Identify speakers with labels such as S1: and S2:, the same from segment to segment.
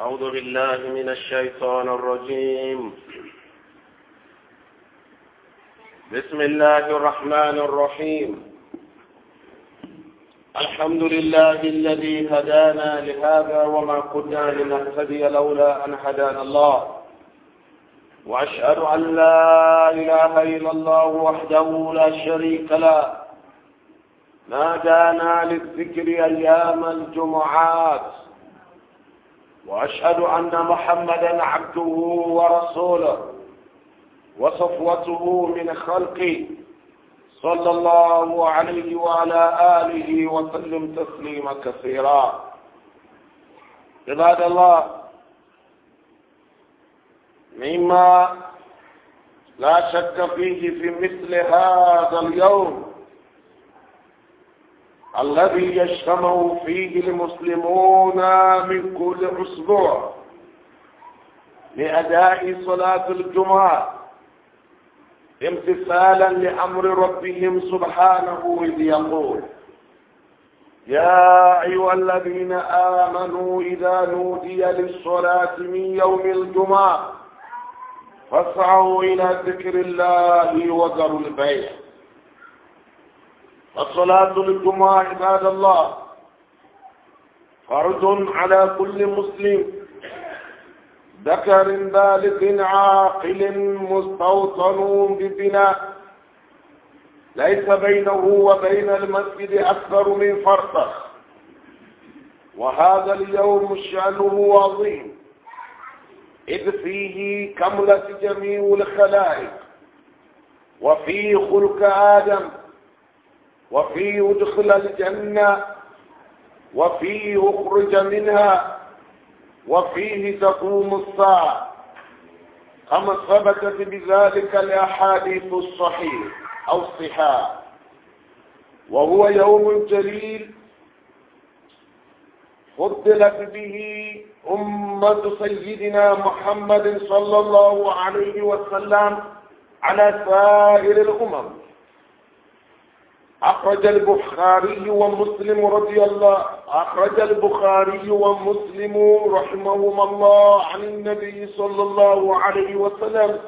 S1: أعوذ بالله من الشيطان الرجيم بسم الله الرحمن الرحيم الحمد لله الذي هدانا لهذا وما كنا لنهتدي لولا أن هدانا الله وأشهد أن لا إله إلا الله وحده لا شريك له نادانا للذكر أيام الجمعات وأشهد أن محمدا عبده ورسوله وصفوته من خلقه صلى الله عليه وعلى آله وسلم تسليما كثيرا عباد الله مما لا شك فيه في مثل هذا اليوم الذي يجتمع فيه المسلمون من كل أسبوع لأداء صلاة الجمعة امتثالا لأمر ربهم سبحانه إذ يقول يا أيها الذين آمنوا إذا نودي للصلاة من يوم الجمعة فاسعوا إلى ذكر الله وذروا البيع الصلاة للجمعة عباد الله فرض على كل مسلم ذكر بالغ عاقل مستوطن ببناء ليس بينه وبين المسجد أكثر من فرقة وهذا اليوم شأنه عظيم إذ فيه كملت جميع الخلائق وفيه خلق آدم وفي يدخل الجنة وفي يخرج منها وفيه تقوم الساعة كما ثبتت بذلك الأحاديث الصحيح أو الصحاح وهو يوم جليل فضلت به أمة سيدنا محمد صلى الله عليه وسلم على سائر الأمم أخرج البخاري ومسلم رضي الله أخرج البخاري ومسلم رحمهما الله عن النبي صلى الله عليه وسلم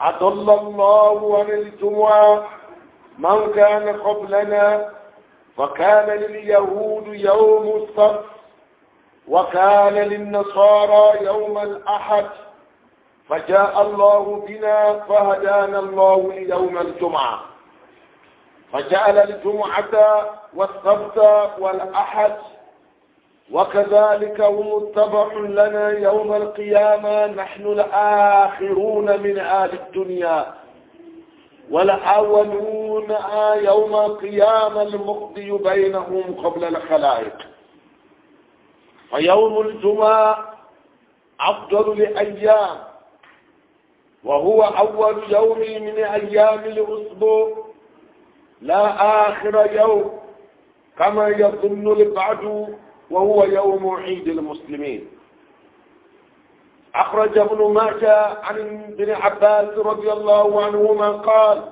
S1: أضل الله عن الجمعة من كان قبلنا فكان لليهود يوم السبت وكان للنصارى يوم الأحد فجاء الله بنا فهدانا الله ليوم الجمعه فجعل الجمعة والسبت والأحد وكذلك هم التبع لنا يوم القيامة نحن الآخرون من آل الدنيا والأولون يوم القيامة المقضي بينهم قبل الخلائق فيوم الجمعة أفضل الأيام وهو أول يوم من أيام الأسبوع لا آخر يوم كما يظن البعض وهو يوم عيد المسلمين أخرج ابن ماجه عن ابن عباس رضي الله عنهما قال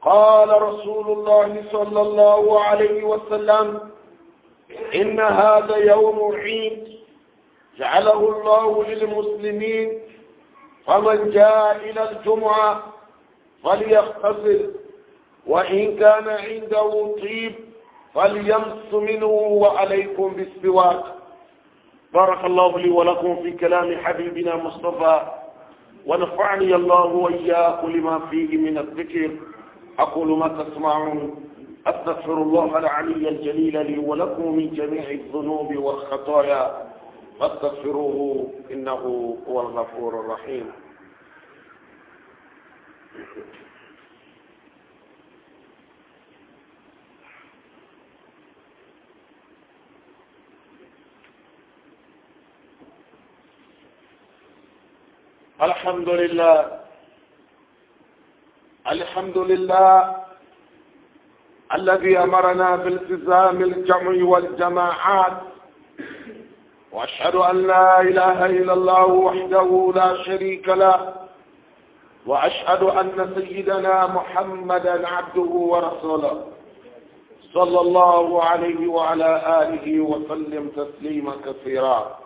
S1: قال رسول الله صلى الله عليه وسلم إن هذا يوم عيد جعله الله للمسلمين فمن جاء إلى الجمعة فليختصر وإن كان عنده طيب فليمس منه وعليكم بالسواك بارك الله لي ولكم في كلام حبيبنا مصطفى ونفعني الله وإياك لما فيه من الذكر أقول ما تسمعون أستغفر الله العلي الجليل لي ولكم من جميع الذنوب والخطايا فاستغفروه إنه هو الغفور الرحيم الحمد لله الحمد لله الذي أمرنا بالتزام الجمع والجماعات وأشهد أن لا إله إلا الله وحده لا شريك له وأشهد أن سيدنا محمدا عبده ورسوله صلى الله عليه وعلى آله وسلم تسليما كثيرا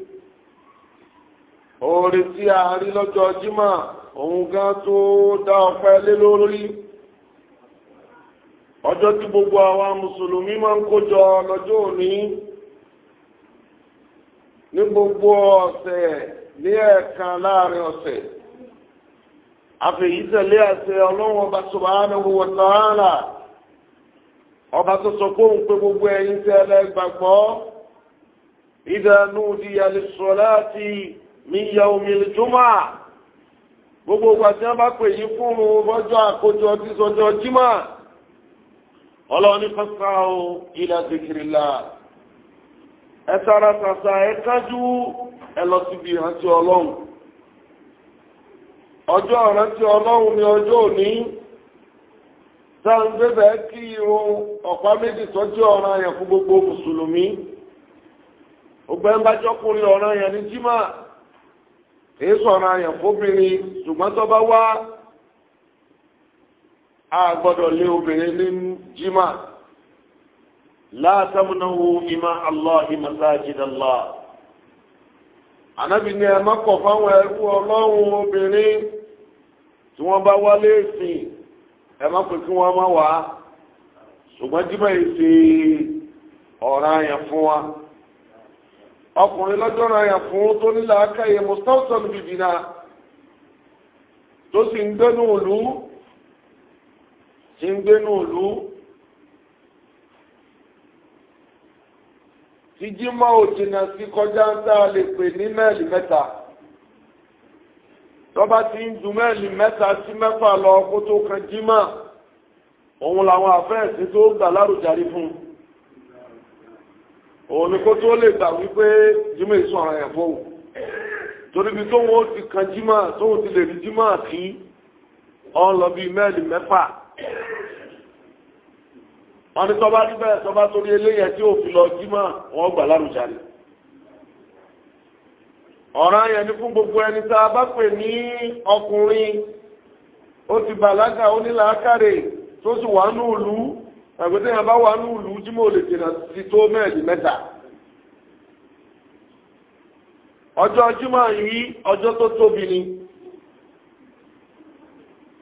S1: oore tí a rí lọ́jọ́ jímà òun gan tó dá ọpẹ́ lé lórí ọjọ́ tí gbogbo àwa mùsùlùmí máa ń kójọ lọ́jọ́ òní ní gbogbo ọ̀sẹ̀ ní ẹ̀ẹ̀kan láàrin ọ̀sẹ̀ àfẹ̀yítẹ̀lé àṣẹ ọlọ́run ọba subhanahu wa ta'ala ọba tó sọ pé òun pé gbogbo ẹ̀yin tẹ́lẹ̀ gbàgbọ́ idha nudiya lis-salati míyà omi ìjọmọ́ gbogbo ìgbà tí wọ́n bá pè yí fún un lọ́jọ́ àkójọ tí sọjọ́ jímọ̀ ọlọ́ọ̀ni fásitì àwọn ilẹ̀ ẹ sára sàṣà ẹ kájú ẹ lọ síbi ìrántí ọlọ́run ọjọ́ ìrántí ọlọ́run ni ọjọ́ òní sáwọn kí irun ọ̀pá méjì tọ́jú ọ̀ràn yẹn fún gbogbo mùsùlùmí ọ̀ràn èyí sọ̀rọ̀ àyàn fóbìnrin ṣùgbọ́n tó bá wá a lé obìnrin ní jimá látàmúnáwó ìmá aláhi masájidàlá anábì ni ẹ kọ̀ fáwọn ẹrú ọlọ́run obìnrin tí wọ́n bá wá léèsìn ẹ má pè kí wọ́n má wá ṣùgbọ́n jimá yìí ṣe ọ̀rọ̀ àyàn fún wa. ọkùnrin lọ́jọ́ ra yà fún tó nílà akáyẹ mustapson bìbìnà tó sì ń gbénú òlú sì ń gbénú òlú tí jímọ̀ òjìnà sí kọjá ń tá a lè pè ní mẹ́ẹ̀lì mẹ́ta tọ́ba ti ń ju mẹ́ẹ̀lì mẹ́ta sí mẹ́fà lọ kó tó kan jímọ̀ òun làwọn àfẹ́ẹ̀sì tó gbà láròjàrí fún un òun ni kó tó lè gbà wípé jimá èso ara yẹn fóun torí bí tóun ó ti kan jimá tóun ti lè rí jimá kí ọ̀n lọ bíi mẹ́ẹ̀lì mẹ́fà wọ́n ní tọ́ba rí tọ́ba torí eléyẹn tí ò fi lọ jimá wọ́n gbà lárúgba rẹ̀ ọ̀ràn yẹn ni fún gbogbo ẹni tá a bá pè ní ọkùnrin ó ti bàlágà ó ní làákàrè tó sì wà ní òlú. àgbẹ̀tí yẹn bá wà ní ìlú lè jìnnà ti tó mẹ́ẹ̀lì mẹ́ta ọjọ́ jímọ̀ yìí ọjọ́ tó tóbi ni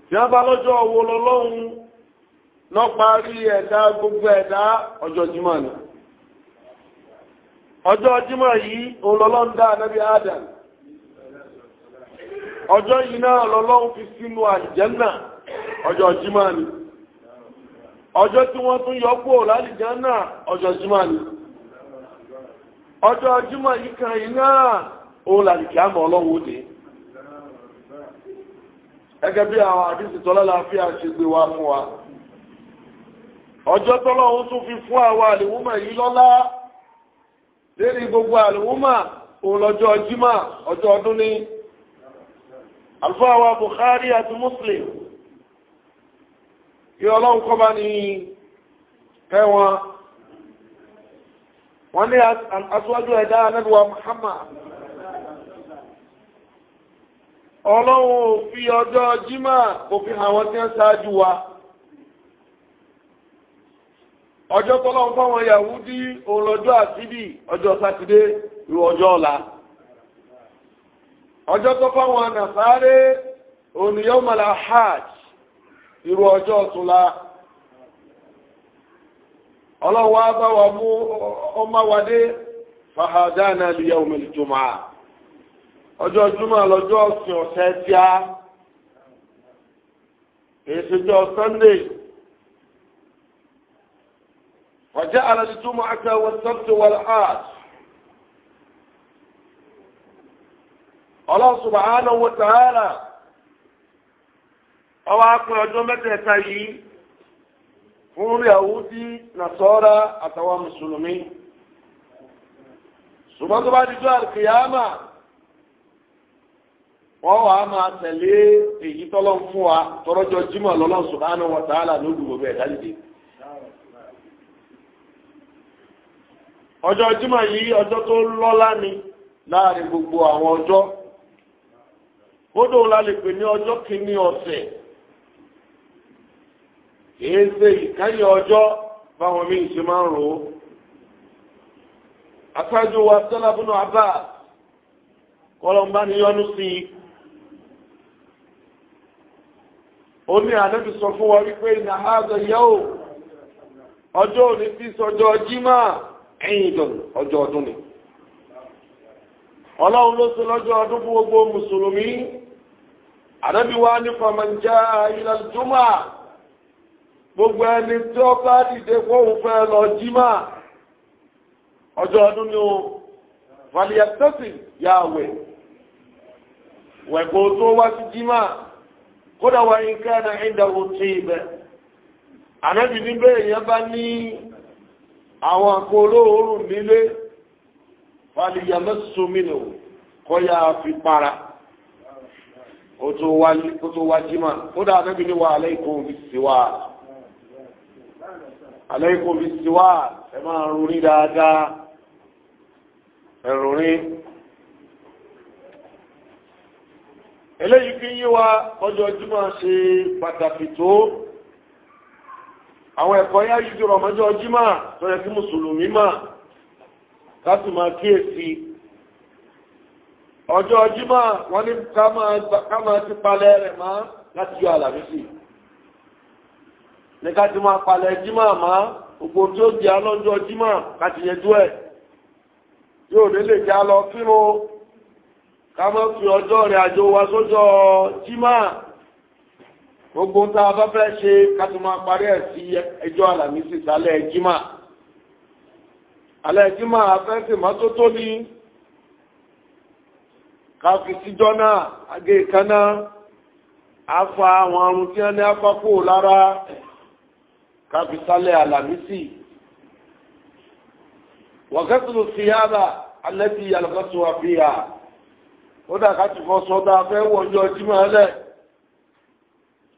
S1: tí bá lọ́jọ́ owó lọ́lọ́run parí ẹ̀dá gbogbo ẹ̀dá ọjọ́ jímọ̀ ni ọjọ́ jímọ̀ yìí olọ́lọ́run Adam ọjọ́ yìí náà lọ́lọ́run fi sínú ọjọ́ ni. ọjọ́ tí wọ́n tún yọ kúrò lálìjánà ọjọ́ jímọ̀ ọjọ́ jímọ̀ yìí kan yìí náà òun làlìkì àmọ́ ọlọ́wọ́ bí àwọn àdísì tọ́lá láàfíà ṣe gbé wa fún wa ọjọ́ tọ́lá gbogbo àlèwúmọ̀ òun lọ́jọ́ jímọ̀ ọjọ́ ọdún ní àlùfáà wa àti yóò ọlọ́run kọ́ bá ní ẹ̀wọ̀n wọ́n ní aṣíwájú ẹ̀dá anẹ́lúwà Muhammad ọlọ́run fi ọjọ́ jímà òfin àwọn tí ń ṣáájú wa ọjọ́ tọ́lọ́run fáwọn Yahudi òlọ́jọ́ àtìdì ọjọ́ sátidé ìwọ̀ ọjọ́ ọ̀la ọjọ́ hajj irú ọjọ́ ọ̀túnla
S2: ọlọ́wọ́ bá wà
S1: mú ọmọwádé fàhàdánà lìyà òmìnir jùmọ̀ ọjọ́ jùmọ̀ lọ́jọ́ ọ̀sìn ọ̀sẹ̀ tí a èsìjọ sunday ọjọ́ alàdìjúmọ̀ àtàwọn sọ́tù wà láàt Allah ana wa ta'ala ọwọ́ apin ọjọ́ mẹ́tẹ̀ẹ̀ta yìí fún Yahudi Nasara àtàwọn mùsùlùmí ṣùgbọ́n tó bá di jọ́ wọ́n wà á máa tẹ̀lé èyí tọ́lọ́ fún wa tọ́rọ́jọ́ Jímọ̀ lọ́lọ́run Subhanahu wa Ta'ala ló dùn gbogbo àwọn ọjọ́ kódò la lè pè èé ṣe ìkáyẹ ọjọ́ báwọn míì ṣe máa ń rò ó aṣáájú wa sọ́lá bùnú abá ni yọ́nú sí i ó ní ànábì sọ fún wa wípé ìnà ààzọ yẹ́ò ọjọ́ òní tí sọjọ́ jímà ẹ̀yìn gbogbo mùsùlùmí wa ní gbogbo ẹni tí ó bá dìde fóhun fẹ́ lọ jímá ọjọ́ ọdún ni ó ya wẹ̀ wẹ̀kọ́ tó wá sí jímá kódà wà ní káàdà ìdáwó tí ibẹ̀ ya níbẹ̀ èèyàn bá ní àwọn àkóró oòrùn nílé valiyamẹ́sùmínú kọ́ ya fi para ó tó wá kódà ní wà sí aláìkò bí ti wá ẹ máa rún rí dáadáa ẹ̀rùn rí eléyìí fi yí wa ọjọ́ jímọ̀ ṣe pàtàkì tó àwọn ẹ̀kọ́ yá yìí jùrọ̀ mọ́jọ́ jímọ̀ tó yẹ kí mùsùlùmí mà láti máa kíyèsí ọjọ́ jímọ̀ wọ́n ní ká máa ti palẹ̀ rẹ̀ máa láti yọ àlàmísì ní ká ti máa palẹ̀ jímà má ògbò tí ó di alọ́jọ́ jímà ká ti yẹjú ẹ̀ yóò délé já lọ kírun ká mọ́ fi ọjọ́ rẹ̀ àjò wa sójọ́ jímà gbogbo tá a bá fẹ́ ṣe ká ti máa parí ẹ̀ sí ẹjọ́ àlàmísì sálẹ̀ jímà alẹ́ jímà afẹ́sì mọ́tótó ni ká fi síjọ́ náà agé ìkaná afa àwọn àrùn tí wọ́n ní apá kúrò lára ẹ̀ káfíńtálẹ̀ alamisi wàkẹ́tùlù fìyàbà alẹ́bí alùpàṣẹ wà fìyà ó dà ká tìfọ́ sọ́dá fẹ́ wọ ọjọ́ jímọ̀ lẹ̀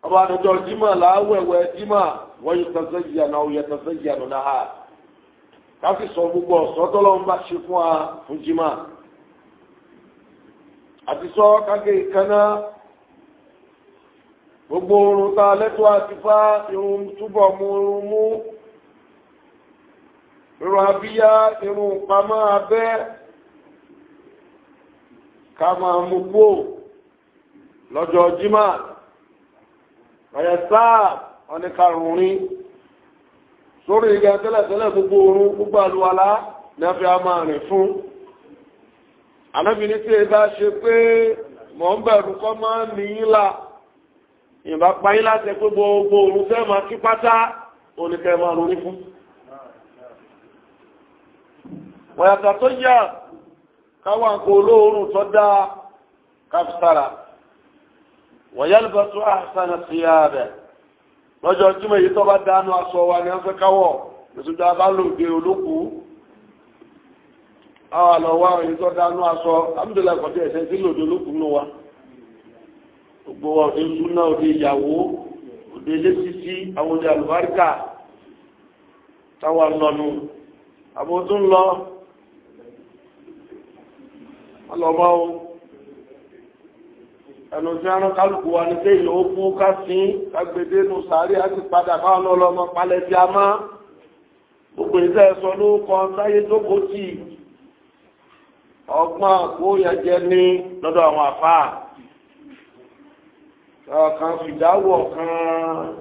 S1: ọba àdójọ́ jímọ̀ làáwẹ̀wẹ̀ jímọ̀ wọ́n yóò tẹ̀sẹ̀ yànnà ó yẹ tẹ̀sẹ̀ yànnà náà káfí sọ gbogbo oorun tá a lẹ́tọ́ àti fá irun túbọ̀ mú irun mú irun abíyá irun pamọ́ abẹ́ ká máa mú kó lọ́jọ́ jimá ọ̀yẹ̀ sáà ọ̀nìkarùnrin sórí ìgbà tẹ́lẹ̀tẹ́lẹ̀ gbogbo oorun gbogbo àlùwàlá ní a a máa rìn fún anábìnrin tí ẹ bá ṣe pé mọ̀ ń bẹ̀rù kọ́ máa ń nìyí ìbá payín láti pé gbogbo òun ma máa kí pátá oníkẹ́ máa ronú fún. wọ̀yàtà tó yà káwà ń kó olóòórùn tó dá káfísára wọ̀yálùbá tó sí ààbẹ̀ lọ́jọ́ jímọ̀ èyí tó bá dánú aṣọ wa ni wọ́n fẹ́ káwọ̀ ìṣúdá bá lòdì olókùú àwọn àlọ́wọ́ èyí tó dánú aṣọ amúdùlá kọ̀dé sí lòdì olókùú nù wa gbogbo èsù náà òde ìyàwó òde lẹ́sìsí àwọn òde àlùbáríkà táwa lọ́nu àbò tó ń lọ ọlọ́mọ o ẹnu tí wọn kálukú wa ní pé ìlú kú ká sín kágbédé nu sàárè á ti padà báwọn ọlọ́mọ palẹ̀ tí a má gbogbo ìṣe ẹ̀sọ́ ló kọ sáyé tó kó tì ọgbọ́n kó ní lọ́dọ̀ àwọn àfáà kan fìdáwọ̀ kan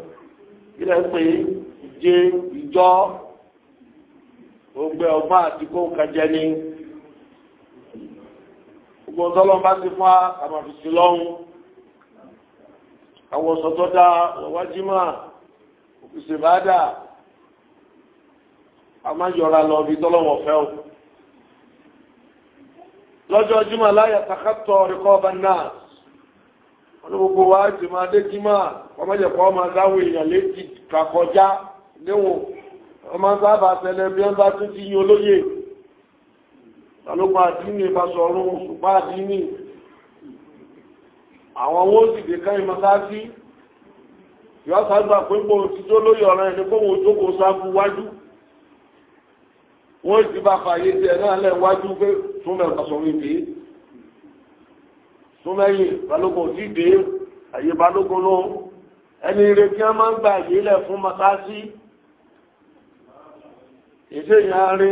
S1: ilẹ̀ pé ìje ìjọ ògbẹ ọgbọ́n àti kó kẹjẹ ni gbogbo ọ̀tọ́lọ́n bá ti fún àmàfìsí lọ́hùn àwọn ọ̀sọ̀tọ́ dá ọ̀wájímà òkùsè bá dà a máa yọra lọ bí tọ́lọ́wọ̀ fẹ́ o lọ́jọ́ jímà láyà takátọ̀ rẹ̀kọ́ bá náà wọn gbogbo wa ti máa dé kí máa ọmọ ìjẹ̀kọ́ ọmọ dáwọn èèyàn létí kàkọjá léwọ̀n ọmọ sábà tẹ̀lé bí wọ́n bá tún ti yí olóyè tàlópa àdínì ìbásọ̀rún ṣùgbọ́n àdínì àwọn owó sì dé ká ìmọ̀ sáàtì yọ́ sàgbà pé pò ti tó lóyè ọ̀rọ̀ ẹni pé wọ́n tó kò sáàbù wájú wọ́n ti bá fàyè tiẹ̀ náà lẹ́ wájú pé tún mẹ́ta sọ̀rọ̀ ìdí súnmẹ́yìn balógun dídé àyè balógun ló ẹni retí wọn máa ń gba àyè lẹ̀ fún mọ́sáàsì èdè ìyàrá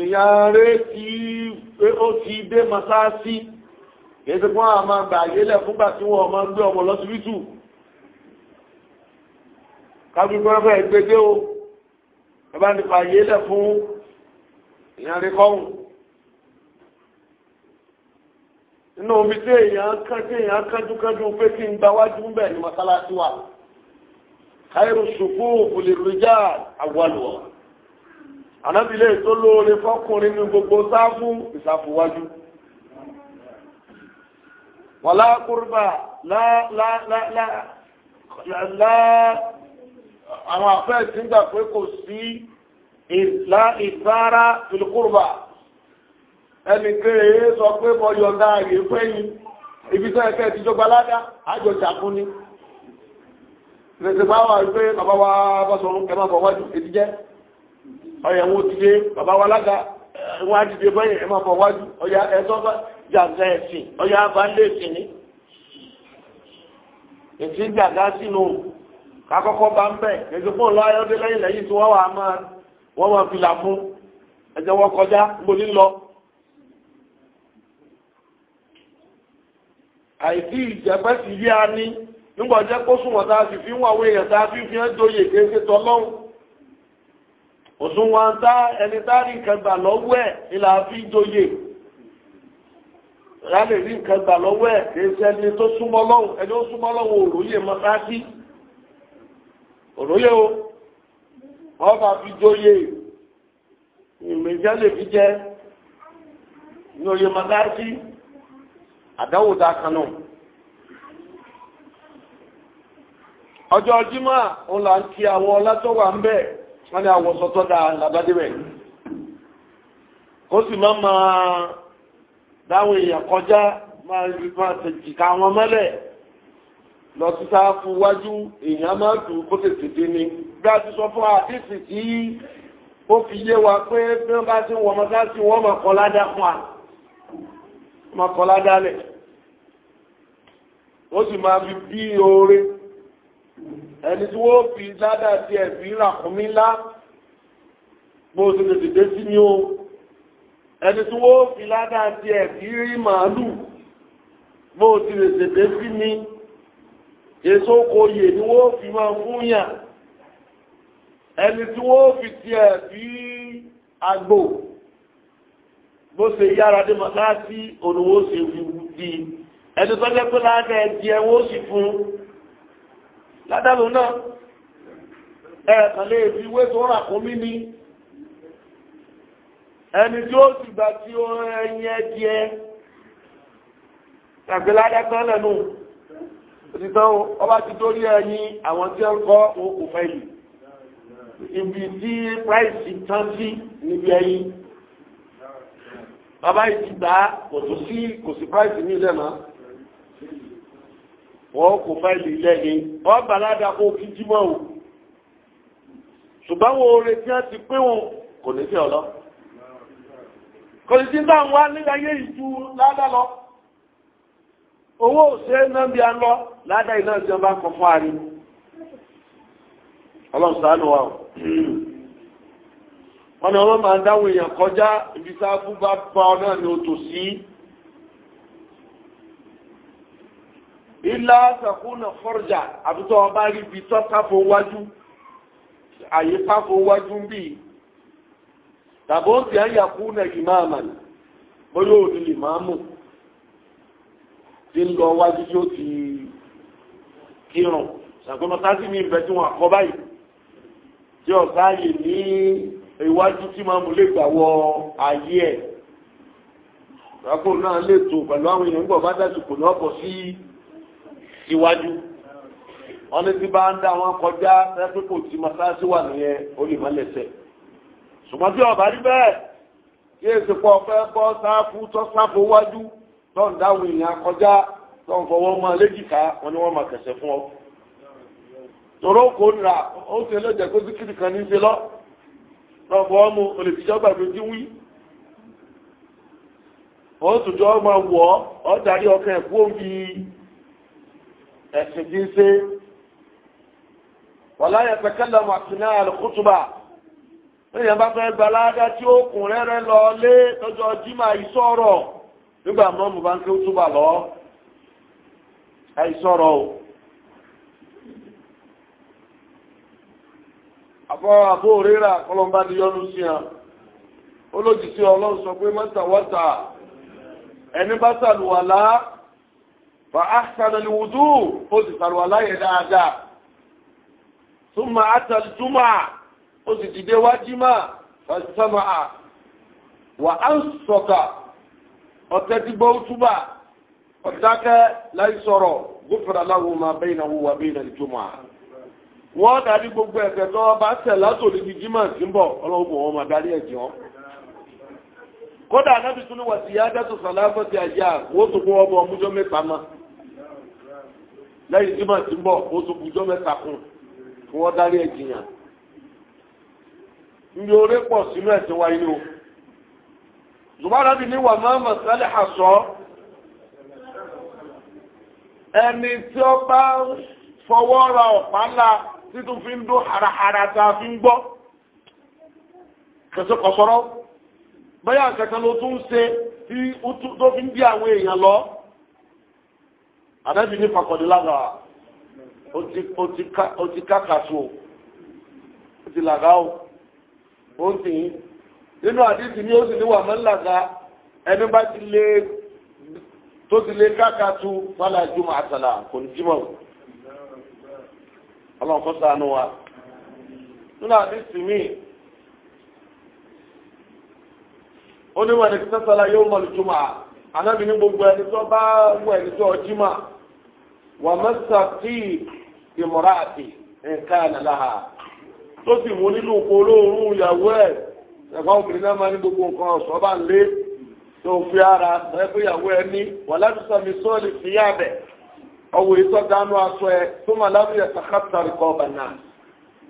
S1: ìyàrá tí ó ti dé mọ́sáàsì èdè fún àwọn máa gba àyè lẹ̀ fúngbà tí wọ́n máa ń gbé ọmọ lọ́sibítù kábíkọ́ ẹgbẹ́ ìgbẹ́gbẹ́ o ẹ bá nípa àyè lẹ̀ fún ìyàrá kọ́hùn inú omi tí èèyàn kán tí èèyàn kánjú kánjú pé kí n gba wájú ń bẹ̀ ní mọ́sálásí wa káyọ̀ ṣùkú òbúlé rìjà àwàlùwà ànábìlẹ̀ tó lóore fọkùnrin ní gbogbo sáfù ìsàfùwájú wàlá kúrúbà lá àwọn àfẹ́ ìsìngbà pé kò sí ìlà ìbára fìlìkúrúbà ẹnì kéré sọ pé mo yọ̀ǹda rèé fẹ́yìn ibi tó ẹ̀kẹ́ ti jọba ládá àjọjà fún ni ìrẹsìgbà wà wípé bàbá wa bá sọ ẹ máa fọwọ́ ètí jẹ́ ọ̀yẹ̀wò ti dé bàbá wa lága wọ́n á dìde bẹ́yìn ẹ máa ọ̀yà ẹ̀sọ́ bá ẹ̀sìn ọ̀yà ni èsì jàǹdà sínú kakọ́kọ́ bá ń bẹ̀ èsìgbọ́n lọ ayọ́dé lẹ́yìn lẹ́yìn tí wọ́n wà máa wọ́n máa fi là àìsí ìjẹ́pẹ́ sì yé a ní nígbà jẹ́ kó súnwọ̀n tá a sì fi ń wàwé èèyàn tá a fi fi ń doyè kéèké tọ́lọ́hùn òsùnwọ̀n tá ẹni tá rí nǹkan gbà lọ́wọ́ ẹ̀ ilà fi ń doyè lálẹ́ rí nǹkan gbà lọ́wọ́ ẹ̀ kéèké ẹni tó súnmọ́ lọ́hùn ẹni ó súnmọ́ lọ́hùn òròyè mọ́tàkì òròyè o wọ́n bá fi doyè ìmìjẹ́ lè fi jẹ́ ní oyè mọ́tàkì àdánwò tá a kan náà ọjọ́ jímọ̀ òun là ń kí àwọn ọlátọ́wà ń bẹ̀ wọ́n ní àwọ̀sọ tó dáa làbádébẹ̀ kó sì máa máa dáwọn èèyàn kọjá máa tẹ̀jìká wọn mọ́lẹ̀ lọ sí sáfù wájú èèyàn máa dùn kó tètè dé ni bí a ti sọ fún àdísì tí ó fi yé wa pé bí wọ́n bá ti wọ́n mọ́ sáà sí wọ́n mọ̀ kọ́ fún wa máa kọlá dálẹ̀ ó sì máa fi bí oore ẹni tí wọ́n fi ládà sí ẹ̀fí ràkúnmí ńlá bó ti lè dìde sí ní o ẹni tí wọ́n fi ládà sí ẹ̀fí rí màálù bó ti lè dìde sí ní èso kòyè ni wọ́n fi máa fún yàn ẹni tí wọ́n fi ti ẹ̀fí àgbò bó ṣe yára dé mọ́ láti olówó ṣe wíwú bí ẹni tó jẹ́ pé láàrín ẹ̀dí ẹwọ́ sì fún ládàlú náà ẹ̀ẹ̀kan lè fi wé tó rà kún mí ní ẹni tí ó sì gbà tí ó ẹyin ẹdí ẹ tàbí ládàtọ́ lẹ́nu òtítọ́ tí ó ń price tán sí níbi ẹyin bàbá yìí ti gbà kò tún sí kò sí price mi lẹ́nà wọ́n kò fáìlì lẹ́yìn wọ́n bàládà kó kí jímọ̀ o ṣùgbọ́n wo oore tí wọ́n ti pín wọn kò ní sí ọ̀lọ́ kò sí bá ń wá níláyé ìjú ládà lọ owó òṣèré náà bí a lọ ládà iná ìjọba kan fún àárín ọlọ́run ṣàánú wa o ọ̀nà ọmọ máa ń dáwọn èèyàn kọjá ibi sáfú bá pa ọ̀nà ni ó tò sí ilá sàkúnà fọ́rjà àbútọ́ ọba rí ibi tọ́ sáfò wájú àyè sáfò wájú ń bì tàbí ó sì ẹ̀yà kúnà ìmáàmà ni ó yóò tí ń lọ wájú tí ó ti kírun sàkúnà sáfì mi ìbẹ̀ tí tí ọ̀sá ní iwájú tí máa mú lè gbà wọ ayé ẹ̀ rákòrò náà lè tó pẹ̀lú àwọn èèyàn gbọ̀ bá dásìkò náà pọ̀ sí iwájú wọ́n ní tí bá ń dá wọn kọjá rẹ́pípò tí masáàsì wà nìyẹn ó lè má lẹ́sẹ̀ ṣùgbọ́n tí ọ̀bá rí bẹ́ẹ̀ kí èsì pọ̀ fẹ́ bọ́ sáfù tó sáfù wájú tó ń dáhùn èèyàn kọjá tó ń fọwọ́ mọ́ léjìká wọn ni wọ́n máa kẹsẹ̀ fún ọ. tòró kò ń ra ó ti lè jẹ́ kó síkìrì kan ní í ṣe lọ́ọ́ lọ́fọ́ ọmọ olùfijọ́ gbàgbé tí wí ó tùjọ́ ọmọ wọ́ ọ́ darí ọkàn ẹ̀kú òbí ẹ̀sìn tí ń ṣe wàlá yẹtẹkẹlẹ màtínà àlùkùtùbà èèyàn bá fẹ́ gba aládá tí ó kùn rẹ́rẹ́ lọ lé lọ́jọ́ jimá ìsọ̀rọ̀ nígbà mọ́mù bá ń ké túbà lọ àbọ̀ àbó òrèrà kọlọ́mbà ti yọ́nu sí hàn olójì sí ọlọ́run sọ pé mọ́tà wọ́tà ẹni bá sàlùwàlá fa ahsana alwudu ó sì sàlùwàlá yẹn dáadáa thumma ata aljum'a ó sì dìde wá jímà wa ansaka ọ̀tẹ́ ti gbọ́ túbà ọ̀dákẹ́ láì sọ̀rọ̀ gufra lahu ma wa bainal jum'a wọ́n darí gbogbo ẹ̀fẹ̀ tó ọba tẹ̀ látòlì jímọ̀ tí ń bọ̀ ọlọ́gbọ̀n wọn ma darí ẹ̀jẹ̀ kódà anábì tún yá àyà wọ́n tó ọmọ mẹ́ta mọ́ lẹ́yìn jímọ̀ tí ń bọ̀ ó tó kújọ́ mẹ́ta kún fún darí títún fi ń dó harahara a fi ń gbọ́ kẹsẹ̀ kọ̀sọ́rọ́ bẹ́yà kẹsẹ̀ ló tún tí tó fi ń dí àwọn èèyàn lọ àdájú ní fakọ̀délága ó ti kákàtó ó ti làgá ó ó ń tìyín nínú àdíjì ní ó sì ní ẹni bá ti lé tó ti lé kákàtó fálà àtàlà kò ní jímọ̀ ọlọ́run kó ṣàánú wa nínú àdísì míì onímọ̀ ẹni títẹ́ sọ́la yóò mọ̀ lùjúmọ̀ anábì ní gbogbo ẹni tó bá mú ẹni tó ọjímọ̀ wà mẹ́sà tí ìmọ̀ra àti nǹkan ànàláha tó sì mú nínú olóòórùn ìyàwó ẹ̀ ẹ̀fọ́ obìnrin náà máa ní gbogbo nǹkan ọ̀ṣọ́ bá ń lé tó fi ara ẹgbẹ́ ìyàwó ẹ ní wà láti sàmì sọ́ọ̀lì fìyà bẹ̀ ọwọ́ ìtọ́ dánú aṣọ ẹ tó máa lábẹ́ ẹ̀ sàkátàrí kọ́ ọ̀bà náà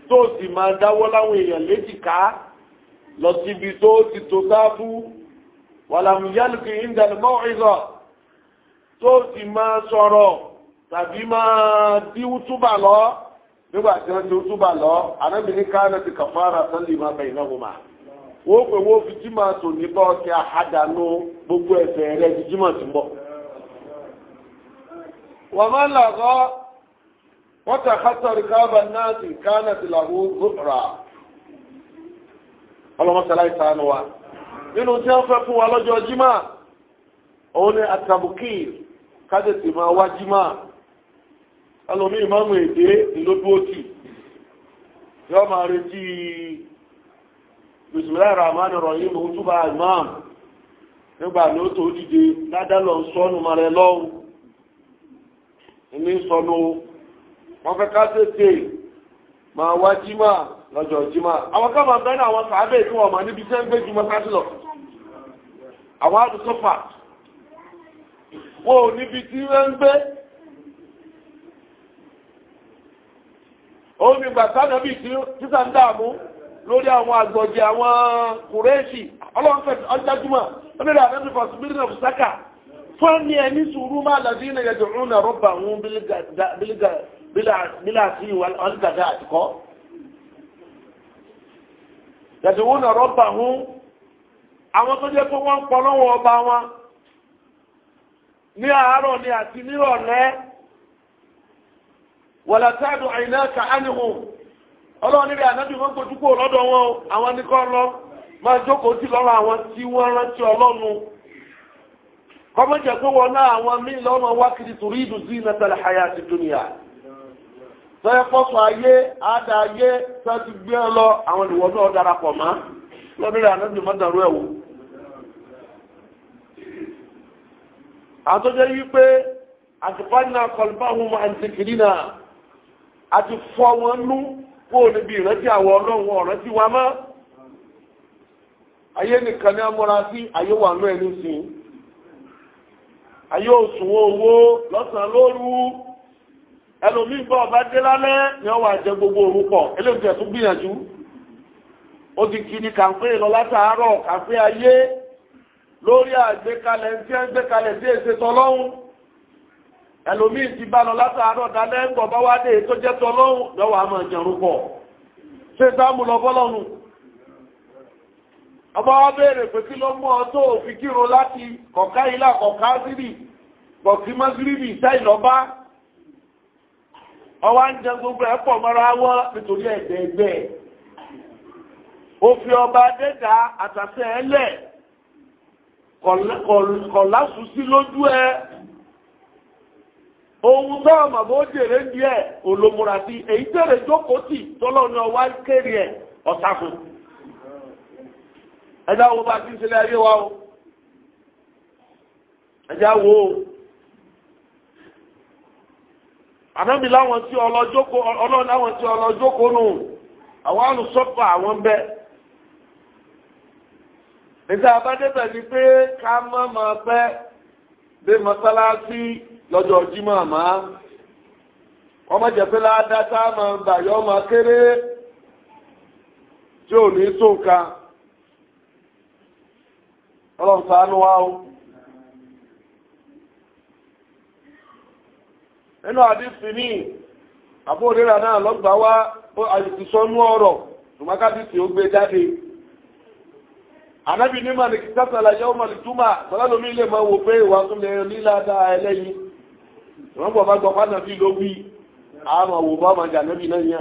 S1: tó sì máa dáwọ́ láwọn èèyàn léjìká lọ síbi tó ti tó sáfú wàlàmùyálùkì ìndàlùmọ́ ìzọ̀ tó sì máa sọ̀rọ̀ tàbí máa dí útúbà lọ nígbà tí wọ́n ti útúbà lọ anábìnrin káàdà ti kàfàrà sálì máa bẹ̀yìn náà wọ́n wọ́n pè wọ́n fi jímọ̀ tò ní bọ́ọ̀kì àhádànú gbogbo ẹ̀fẹ̀ rẹ̀ di jímọ̀ tó ń ومن لغى وتخطى ركاب الناس كانت له ذعرا ọlọ́mọ sàlàyé sànù wa nínú tí wọ́n fẹ́ fún wa lọ́jọ́ jimá òun ni àtàbùkìr kájẹ̀sì máa wá jimá ẹlòmí ìmáàmù yọ máa retí bismillahir rahmanir rahim òun ma imam ní sọnù wọn tètè máa wá jímà lọ́jọ́ jímà àwọn ká bẹ́ẹ̀ àwọn sàábẹ̀ tí wọ́n máa níbi tẹ́ ń gbé o sáájú àwọn àdùsọ́fà wọn níbi tí wọ́n ń gbé òun ni gbàtà nàbí títà ń dààmú lórí àwọn àgbọ̀jẹ̀ àwọn fọ́nì ya sùúrù máa lọ́dún ya ẹjọ́ òun náà rọ́bà òun bíláàsì ọ̀lùgàdà àtìkọ́. ẹjọ́ òun náà rọ́bà òun wọn tó ọba wọn ní àárọ̀ ni àti nírọ̀lẹ́ wọ̀lá táàdù ka ánìhùn ọlọ́run níbi ànábì wọn gbójúkò lọ́dọ̀ wọn àwọn ní lọ máa jókòó sí lọ́rọ̀ àwọn tí wọ́n rántí kọ́mọ́ jẹ́ pé wọn náà àwọn míì ọmọ wá kiri torí ìdù sí iná tẹ̀lé dúnìyà ayé àdá ayé ti gbé ọ lọ àwọn ìwọ náà darapọ̀ mọ́ lọ́dún rẹ̀ àná ìmọ̀ dàrú ẹ̀wò. àtọ́jọ́ yí pé àtìpá kọlùbá ohun máa ń ti náà àti fọ́ wọn nú kó o níbi ìrántí àwọn ọlọ́run ọ̀rántí wa mọ́ ayé nìkan ní amúra sí ayé òṣùwọ̀n owó lọ́sàn-án lóru ẹlòmíì bọ́ ọba dé lálẹ́ ni ọwọ́ àjẹ gbogbo òru pọ̀ eléyìí tún gbìyànjú ó ti kí ni kàǹpé lọ látàárọ̀ kàǹpé ayé lórí àgbékalẹ̀ tí ẹ ń gbékalẹ̀ sí èsè tọlọ́hún ẹlòmíì ti bá lọ látàárọ̀ dalẹ́ ń gbọ̀ bá wá dé tó jẹ́ tọlọ́hún lọ́wọ́ àmọ̀ ìjẹun pọ̀ ṣé sáà mú lọ bọ́lọ́hún ọba wa béèrè pé kí ló mú ọ tó òfin kírun láti kọ̀ká ilá kọ̀ká zírì kọ̀kí mọ́sírìbì iṣẹ́ ìlọ́bá ọwá ń jẹ gbogbo ẹ̀pọ̀ mọ́ra wọ́n nítorí ọba dẹ́dà àtàtẹ̀ ẹlẹ̀ kọ̀lásùsí lójú ẹ ohun tó bó jèrè ń ẹ èyí tẹ̀rẹ̀ jókòó tì tọ́lọ́ ní ọwá kéré ẹ̀ ẹjá wo bá ti ń sílẹ̀ ayé wa o ẹjá wo o ànábì láwọn tí ọlọ́jókòó ọlọ́run láwọn tí ọlọ́jókòó nù àwọn alùsọ́fà àwọn bẹ́ẹ̀ nígbà abádébẹ̀ ni pé ká má máa pẹ́ dé mọ́sálásí lọ́jọ́ jímọ̀ àmọ́ wọ́n má jẹ́ pé ládàá tá máa gbà yọ kéré tí ò ní tó nǹkan ọlọ́run ṣàánú wa o nínú àdísì ní àbó òdíra náà lọ́gbà wá àyùsùsọ́nú ọ̀rọ̀ tùmákàdìsì ó gbé jáde ànábì ní mà ní kí sátàlá yẹ́ ó mà ní túmà sọ́lọ́lómi lè máa wò pé ìwà tún lè níláàdá ẹlẹ́yìn ìwọ́n bọ̀ bá gbọ́ fánàbí ló wí àmà wò bá mà ní ànábì náà yá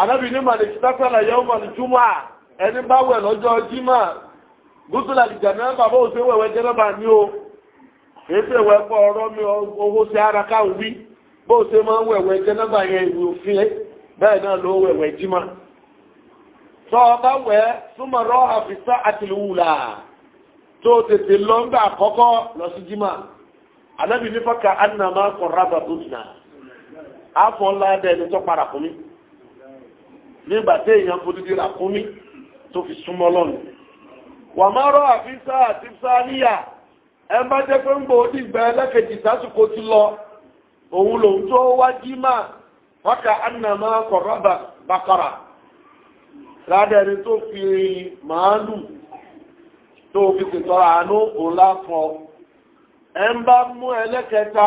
S1: ànábì ní mà ní kí sátàlá yẹ́ ó ní túmà ẹni bá wẹ̀ lọ́jọ́ jímà gúúsùlà ìjànà bàbá òsè wẹ̀wẹ̀ jẹ́nàbà ní o èsè wẹ̀ kọ́ ọ̀rọ̀ mi owó sí ara káwù bí bó ṣe máa ń wẹ̀wẹ̀ jẹ́nàbà yẹn ìwé òfin bẹ́ẹ̀ náà ló wẹ̀wẹ̀ jímá tọ́ ọba wẹ̀ súnmọ̀rọ̀ àfisà àtìlúwùlà tó tètè lọ́ngbà àkọ́kọ́ lọ sí jímá anábì nípa ka anna máa kọ̀ rábà tó jìnà àfọ̀ ńlá dẹ́ni tó para fún mi nígbà téèyàn fojú dira fún wà máa rọ́ àfíṣà àti sáníyà ẹ bá jẹ́ pé ń sásìkò ti lọ òun lòun tó wá jí máa wákà kọ̀rọ̀ bàkàrà ládẹ́ni tó fi màálù tó fi pètọ́ra àánú òun láfọ́ ẹ bá mú ẹlẹ́kẹta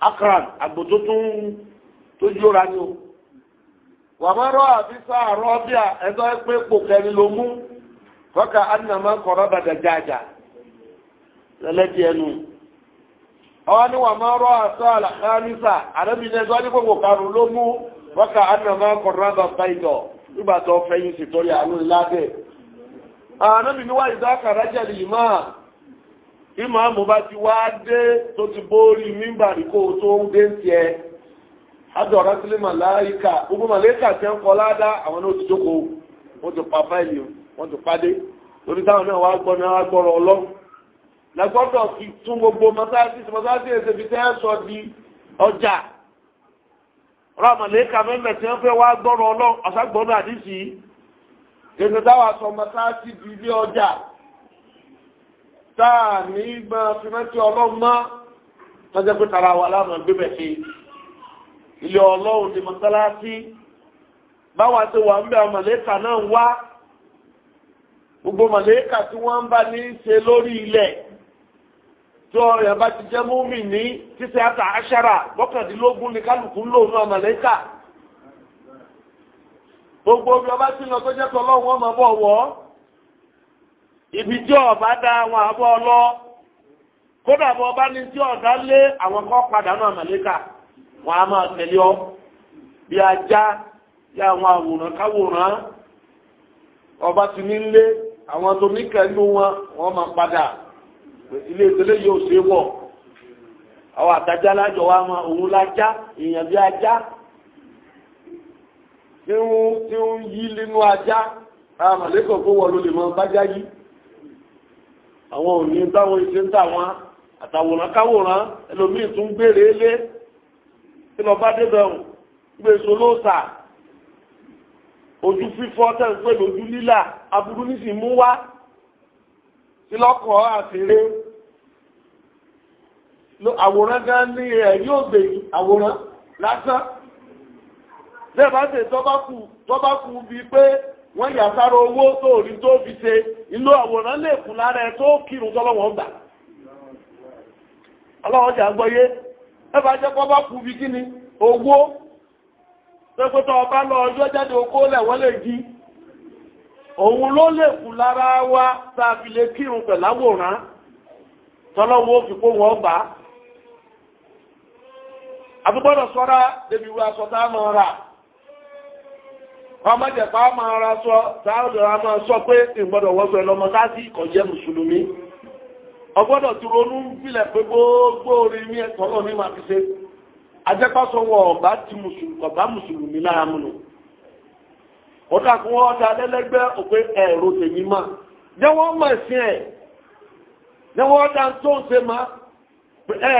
S1: akran tó wàmọ́rọ́ àbísà àrọ́bíà ẹ̀dọ́ pé pòkẹ́ni ló mú kọ́kà ánàmá kọ̀rọ̀ bàdà jájà lẹ́lẹ́dì ẹnu ọwọ́ ni wàmọ́rọ́ àtọ́ àlàkánísà ní ẹ̀dọ́ ló mú kọ́kà nígbà tó fẹ́yìn torí àánú ni ní àjọ lima màláìka gbogbo màláìka tí ń kọ́ ládá àwọn náà ti jókòó wọ́n ti pa fáìlì wọ́n ti padé lórí táwọn náà wá gbọ́ náà wá gbọ́rọ̀ ọlọ́run lagbọ́dọ̀ fi tún gbogbo mọ́sáàsì mọ́sáàsì ẹ̀sẹ̀ fi tẹ́ sọ di ọjà ọ̀rọ̀ màláìka mẹ́mẹ́ tí wọ́n fẹ́ wá gbọ́rọ̀ ọlọ́run ọ̀sàgbọ́dọ̀ àdìsí ètò táwọn aṣọ mọ́sáàsì di ilé ọjà táà ní gbọ́n fi mẹ́tì ọlọ́run ilé ọlọ́run ni mọ́sálásí báwa ti wà ń bẹ màlẹ́kà náà ń wá gbogbo màlẹ́kà tí wọ́n ń bá ní ṣe lórí ilẹ̀ tí ọ̀rẹ́ bá ti jẹ́ múmi ní títẹ́ àtà àṣàrà mọ́kàndínlógún ní kálukú lóòrùn àmàlẹ́kà gbogbo omi ọba tí lọ tó jẹ́ tọ́lọ́run wọn bọ̀ wọ́ ibi tí ọba dá àwọn àbọ̀ ọlọ́ kódà bọ́ ọba ní tí ọ̀dá lé àwọn kan padà náà màlẹ́kà wọn a máa tẹ̀lé ọ bí ajá bí àwọn àwòrán káwòrán ọba ti ní lé àwọn tó ní kẹ́lú wọn wọ́n máa padà ilé ìtẹ́lẹ̀ yóò ṣe wọ̀ àwọn àtajá lájọ wa máa òun lájá èèyàn bí ajá tí ó ń yí nínú ajá àmàlẹ́kọ̀ọ́ kó wọ́n ló lè mọ bájá yí àwọn òní táwọn iṣẹ́ ń tà wọn àtàwòrán káwòrán ẹlòmíì tún gbére lé tí lọ bá débẹ̀ ń gbé ojú fífọ́ tẹ̀ ń lójú lílà aburú ní sì mú wá tí lọ́kọ̀ àfèrè àwòrán gan ní ẹ̀ yóò gbè àwòrán lásán lẹ́ẹ̀bá ṣe tọ́bá kú bí pé wọ́n yà sára owó tó rí tó fi ṣe inú àwòrán lè kù lára tó kírun tọ́lọ́wọ́n ẹbà jẹ́ kọ́ bá kú bí kí ni owó pẹ́pẹ́tọ́ ọba lọ ọjọ́ jáde okó lẹ̀ wọ́n lè jí òun ló lè kú lára wa tàbí lè kírun pẹ̀láwòrán tọ́lọ́wọ́ fi kó wọn bá àbúgbọ́dọ̀ sọ́ra débi wa sọ tá máa rà ọmọdé pa máa ra sọ tá ó lè ra máa sọ sáà ọgbọ́dọ̀ tí ronú ń filẹ̀ pé gbogbo orí mi ẹ̀kọ́ lọ ní màá fi ṣe ajẹ́kọ́sọ̀wọ̀ ọ̀bá ti mùsùlùmí lára múnu ọ̀dà kí wọ́n da lẹ́lẹ́gbẹ́ òpé ẹ̀rọ tèmi máa jẹ́ wọ́n mọ̀ sí ẹ̀ jẹ́ wọ́n da tó ń ṣe máa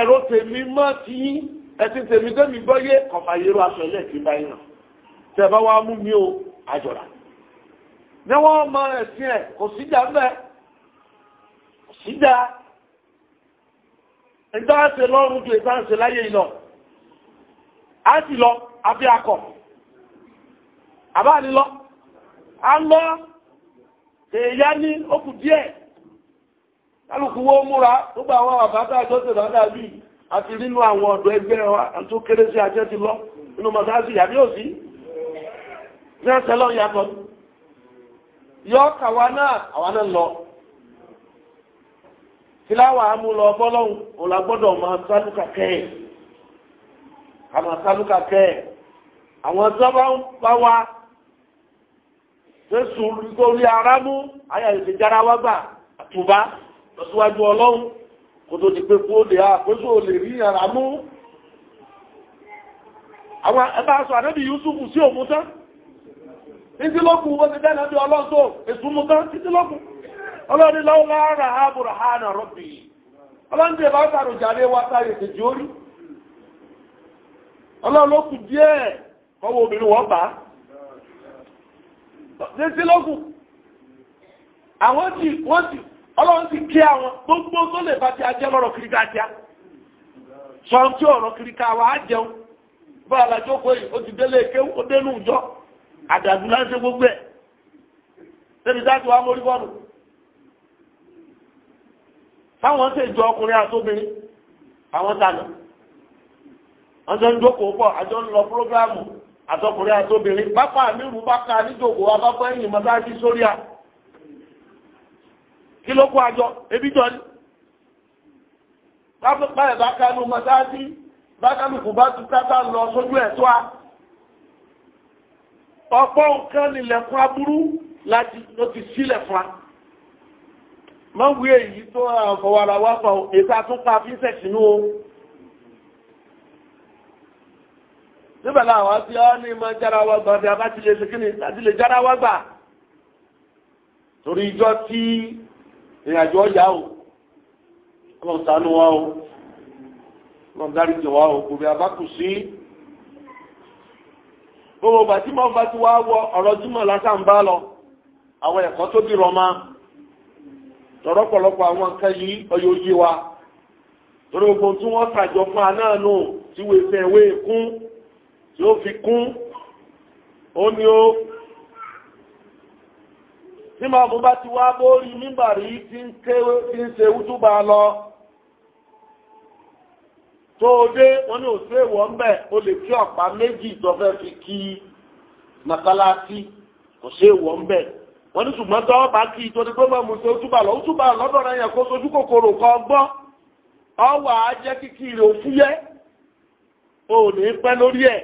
S1: ẹ̀rọ tèmi máa ti yín ẹ̀sìn tèmi tèmi gbọ́yé kọ̀fà yẹ́rọ aṣọ ilẹ̀ ti bá yàn bá wá mú mi o àjọ̀rà jẹ́ wọ́n mọ̀ ẹ̀sìn ẹ̀ kò síjà bẹ́ẹ̀ kò síjà ìtànṣe lọ́rùn ju ìtànṣe láyé ìlọ a sì lọ àbí akọ̀ àbá nílọ a lọ èèyá ní okù díẹ̀ alùkúwó múra tó gbà wọ́n àbátà àjọ́sẹ̀ dáadáa bí àti nínú àwọn ọ̀dọ́ ẹgbẹ́ wa tó kéré sí ajẹ́ ti lọ inú mọ̀sáàsì yàbí ò sí ní ẹsẹ̀ lọ yàtọ̀ yọ kàwa náà àwa náà lọ tiláwà á mú lọ bọ́lọ́hùn òlà gbọ́dọ̀ máa sálùkà kẹ́ ẹ̀ àmà sálùkà kẹ́ ẹ̀ àwọn tó bá ń bá wa jésù lórí ara mú ayé ìdíjára wá gbà àtúbá lọ́síwájú ọlọ́run kò tó ti pé kó lè àkóso lè rí ara mú àwọn ẹ̀bá aṣọ ànábì Yúsúfù sí òmùtán títí lókun wọ́n ti dẹ́nà bí ọlọ́run tó èsùn mú tán títí lókun ọlọ́ni lọ́wọ́ ara ààbùrù ha na rọ́bì ọlọ́ni tẹ̀ bá sàrò jàre wá sáré tẹ̀ jórí ọlọ́ni ló kù díẹ̀ kọ́wọ́ obìnrin wọ́n bá létí lọ́kù àwọn tí wọ́n ti ọlọ́run ti kí àwọn gbogbo tó lè bá ti ajẹ́ lọ́rọ̀ kiri sọ tí ọ̀rọ̀ kiri ká á jẹun bá ó ti délé ó àdàdúrà ń ṣe gbogbo ẹ̀ táwọn ṣe jọ ọkùnrin àtóbìnrin àwọn tànà wọ́n jọ ń jókòó pọ̀ àjọ ń lọ prógráàmù àtọkùnrin àtóbìnrin pápá àmìrù bá ka níjòkó abáfẹ́ ìyìn mọ́sáàtì sórí à kí ló kó àjọ ebi jọ ni báyẹ̀ bá kánú mọ́sáàtì bá kánú kò bá tún sábà lọ sójú ẹ̀tọ́ a ọ̀pọ̀ nǹkan nílẹ̀kùn aburú láti ló ti sílẹ̀ fún wa mọ́wí èyí tó àfọwàrà wá pa èta tún pa fíṣẹ̀ sínú o níbẹ̀lá àwọn tí ó ní ma jára wá gbà bí a bá ti lè ṣe kíni láti lè jára wá gbà torí ìjọ tí ìrìnàjò ọjà o ọmọ ìsànú wa o ọmọ ìdáríjì wa o kò bí a bá kù sí gbogbo bàtí mọ́ bá ti wá wọ ọ̀rọ̀ jùmọ̀ lásán bá lọ àwọn ẹ̀kọ́ tó bí rọ máa tọ̀rọ̀pọ̀lọpọ̀ àwọn nǹkan yìí ọyọ yé wa torí ogun tí wọ́n tàjọ fún anáàánú tí wọ́n fẹ́ wé kún tí ó fi kún ó ní tí máa bá ti wá bórí mímbàrí tí ń ṣe lọ tó o dé wọ́n ní òṣèré wọ́n ń o lè kí ọ̀pá wọ́n ní ṣùgbọ́n tọ́ bá kí ìtòdí tó máa mú sí ojúbà lọ ojúbà lọ́dọ̀ rẹ̀ yẹn kó sojú kòkòrò kan gbọ́ ọwà á jẹ́ kíkí rẹ̀ ó fúyẹ́ ó ní pẹ́ lórí ẹ̀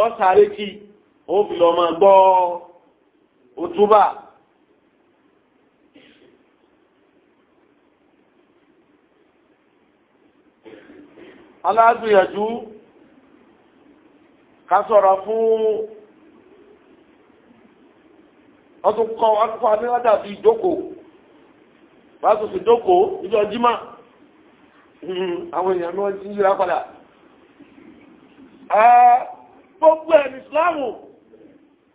S1: ọ sáré kí ó fi lọ gbọ́ ojúbà. alágbèyànjú ká sọ̀rọ̀ fún wọ́n tún kọ́ wọ́n kọ́ amíwádà bíi ìjókòó wọ́n tún fi jókòó ìjọ jímà àwọn èèyàn náà ti yíra padà. gbogbo ẹ̀ ní ìsìláàmù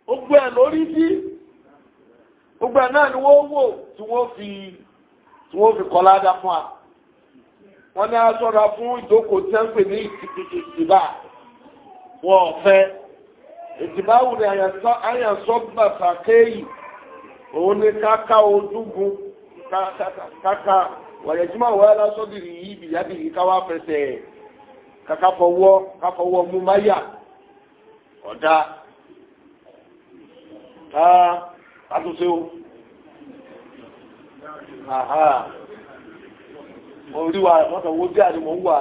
S1: gbogbo ẹ̀ lórí bí gbogbo ẹ̀ náà ni wọ́n wò tí wọ́n fi tí wọ́n fi kọ́ ládàá fún wa. wọ́n ní aṣọ́ra fún ìjókòó tí wọ́n pè ní ìtìbà wọ́n fẹ́ ìtìbáwò ni àyànsọ́ gbàgbà kéyìí. òun ni káká ojúgun káká wàyẹ̀júmọ̀ wọ́n lásọ́dìrì yìí bìyàbì yìí káwá fẹsẹ̀ káká fọwọ́ mú máyà ọ̀dá àtúnṣe o mo rí wa lọ́sàn wo wà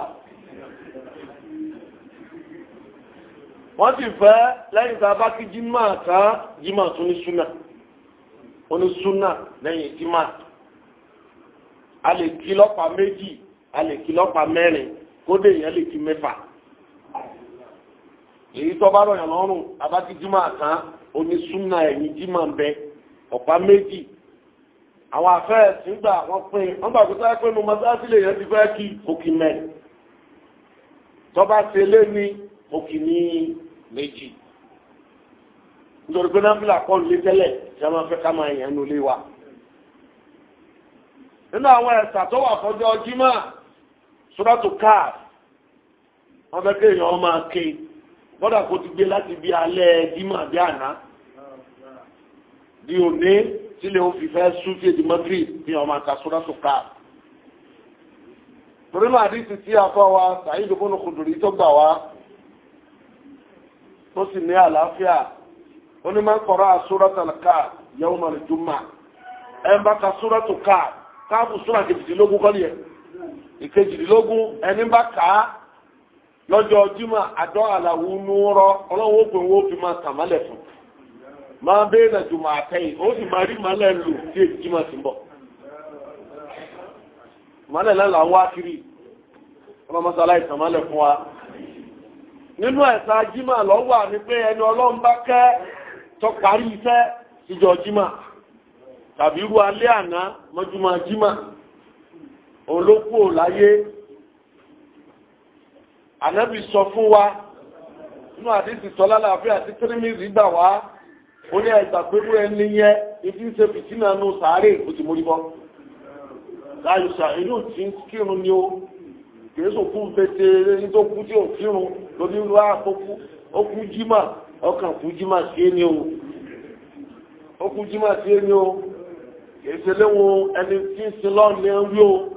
S1: wọ́n ti fẹ́ lẹ́yìn tá a bá jima jímọ̀ tán jímọ̀ tún onísúnà lẹ́yìn ìjímà a lè kí lọ́pàá méjì a lè kí lọ́pàá mẹ́rin kódé èèyàn lè kí mẹ́fà èyí tó bá rọ̀yàn lọ́rùn abájíjímà kan onísúnà ẹ̀yìn jímà ń bẹ ọ̀pá méjì àwọn afẹ́ẹ̀sì gbà wọ́n pín wọ́n gbà kúta pé nu mọ́sáàsì lè yẹn ti fẹ́ kí òkì mẹ́rin tó ṣe lé ní òkì ní méjì nítorí pé náà bílà kọ́ nílé tẹ́lẹ̀ tí a máa fẹ́ ká máa yàn nulẹ̀ wa. nínú àwọn ẹ̀sà tó wà fọjọ́ jimá sọ́dọ̀tù káà wọ́n fẹ́ kéèyàn máa ké bọ́dà kó ti gbé láti bí alẹ́ jimá bí àná di òní sílẹ̀ ó fẹ́ sún sí èdè mọ́tírì bí ọmọ àka sọ́dọ̀tù káà. torí náà àdìsí tí a wa sàyídùkúnnù kùdùrí tó gbà wá tó sì ní àlàáfíà. onímọ̀ kọ̀rọ̀ àsúrọ̀tàlù káà yawmal jumu'ah ẹ̀ ń bá ka súrọ̀tù káà káàbù súrà kejìdínlógún kọ́ni yẹn ẹni bá kà á lọ́jọ́ jimá ala àlàwù núrọ́ ọlọ́wọ́ òpin wo fi máa kà o si ma ri bọ̀ wa nínú pé ẹni tó parí iṣẹ́ ìjọ jímà tàbí irú alẹ́ àná mọ́júmọ́ jímà òun ló láyé ànábì sọ fún wa inú àdísì sọlá láàfin àti tírímìrì gbà wá ó ní ẹgbà pẹ̀lú ẹni yẹn ibi ń ṣe fìtínà nù sàárè ó ti mórí bọ́ láyùsà inú tí ń kírun ni ó kìí sòkú ní tó kú ọkàn kú jimá sí ẹni o ó kú jimá sí ẹni o ìṣẹ̀lẹ̀wọ̀n ẹni tí ń sin lọ́rùn ní orí o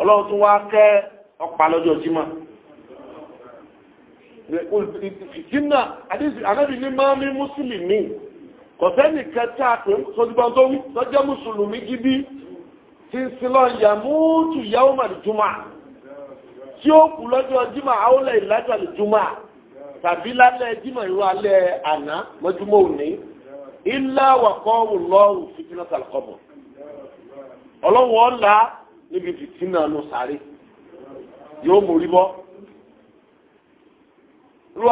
S1: ọlọ́run tún wá kẹ́ ọ̀pá lọ́jọ́ jimá ìjìnà àdébì ní máa mí mùsùlùmí kọ̀sẹ́nì kẹta pé sọ́júbọ́n tó wí tọ́jẹ́ mùsùlùmí gidi tí ń sin lọ́rùn yàmúùtù yàwó màdìjúmà tí ó kù lọ́jọ́ jimá àwọlẹ̀ ìlàjà lìjúmà tàbí lálẹ́ jímọ̀ irú alẹ́ àná mọ́júmọ́ òní ilá wàkọ́ lọ́rùn fìtínà tàlùkọ́bọ̀ ọlọ́run ọ̀la níbi fìtínà ló sáré yóò mórí bọ́